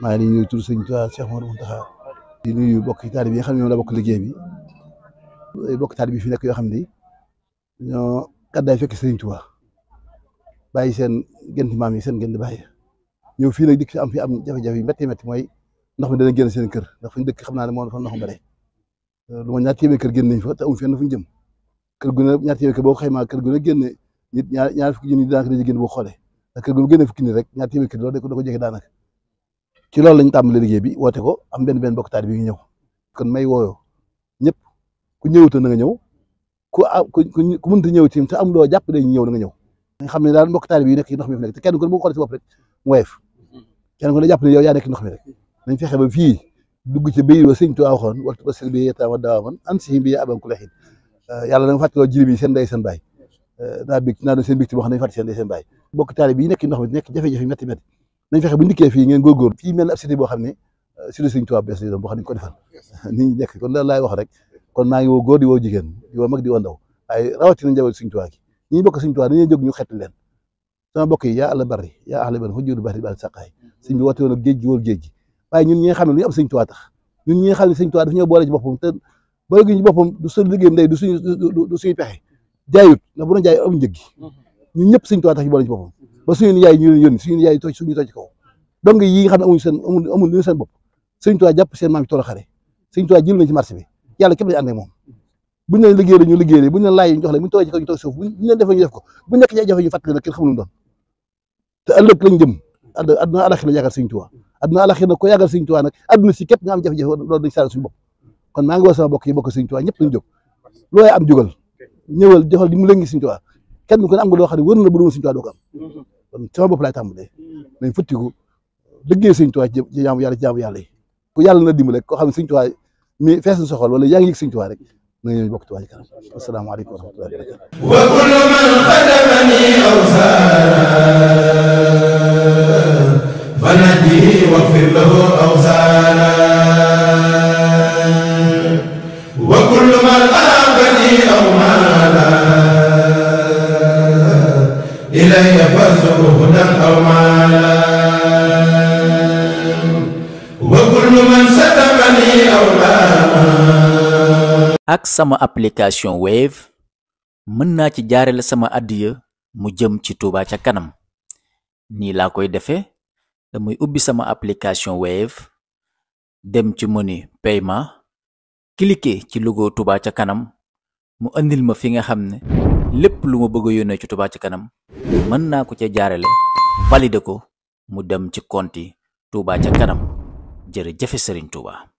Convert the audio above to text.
maa ngi nuyu tur sëñ Tuubaa Cheikh Mouhamadou Mountakha di nuyu bokki taalibe yi nga xam ne ñoo la bokk liggéey bi bokk taalibe bi fi nekk yoo xam ne ñoo gàddaay fekk sëñ Tuubaa bàyyi seen gént maam yi seen gént bàyyi ñëw fii nag dikk fi am fi am jafe-jafe yu métti métti mooy ndox mi dana génn seen kër ndax fuñ dëkk xam naa ne moo fa ndox mu bare lu ma ñaar téeméer kër génn nañ fa te amu fenn fuñ jëm kër gu ne ñaar téeméer kër boo xaymaa kër gu ne génne nit ñaar ñaar fukki junni daanaka dañuy génn boo xoolee kër gu génne fukki nit rek ñaar téeméer kër loolu da ko jékki daanaka ci loolu lañ tàmbali liggéey bi woote ko am benn benn bokk taalibe bi ñu ñëw kon may wooyoo ñëpp ku ñëwutoon na nga ñëw ku ku mënta ñëw ci te am loo jàpp dañu ñëw nga ñëw nga xam ne daal mbokk taalibe yi nekk ci ndox mi fi nekk te kenn ku ne bu ko xoolee ndox mi rek nañ fexe ba fii dugg ci béy ba sëñ Tuubaa waxoon bi yetaama dawaaman an si bi aban ku lexin yàlla da nga fàttaloo jili bi seen day seen baay daa bég naa doon seen bég ti boo xam bokk taalibe yi nekk ci ndox mi nekk jafe-jafe metti nañ fexe bu ndikkee fii ngeen góorgóor fii mel ab cité boo xam ne euh, cité Sëriñ Tuubaa bees lay doon boo xam ne ko defal nit ñi nekk kon la laay wax rek kon maa ngi woo góor di woo jigéen di woo mag di woo ndaw waaye rawatina njaboot Sëriñ Tuubaa gi ñu xett leen sama bokk yi yaa àll bari yaa àll bari hujjul bari bal saqaay sëñ bi woote woon ak géej gi wóor géej gi waaye ñun ñi nga xam ne lu ñu am Sëriñ Tuubaa tax ñun ñi nga xam ne Sëriñ Tuubaa daf ñoo boole ci boppam te boole gi ci boppam du suñu liggéey ndey du suñu du suñu pexe jaayut ndax bu gi mm-hmm. ñun ñëpp Sëriñ Tuubaa tax ñu boole ci boppam ba suñu yaay ñu leen yónni suñu yaay toj suñu toj kaw donc yi nga xam ne amuñu seen amuñu amuñu seen bopp sëñ Tuubaa jàpp seen maam ci toolu xare sëñ Tuubaa kaw bu nekk ci ay jafe ñu fàttali nag mu doon te ëllëg lañ jëm adduna si képp nga am jafe-jafe loolu dañ sànni suñu bopp kon maa ngi woo sama yi bokk sëñ kon sama bopp laay tàmbalee nañ futtiku dëggee sëñ Tuubaa ci jaamu yàlla jaamu yàlla yi ku yàlla na dimbale koo xam ne sëñ Tuubaa mi fees na soxal wala yaa ngi yëg sëñ Tuubaa rek na ngeen bokk Tuubaa ci kanam asalaamaaleykum wa rahmatullahi wa barakatuh wa kullu man xadamani aw saara fa najjihi wagfir lahu aw saara wa kullu man aabani aw maala ilayya ak sama application wave mën naa ci jaarale sama addiya mu jëm ci Touba ca kanam nii laa koy defee damay ubbi sama application wave dem ci menu paiement cliquer ci logo Touba ca kanam mu indil ma fi nga xam ne lépp lu ma bëgg a ci Touba ca kanam mën naa ko ca jaarale valider ko mu dem ci konti Touba ca kanam jërëjëf sëriñ Touba.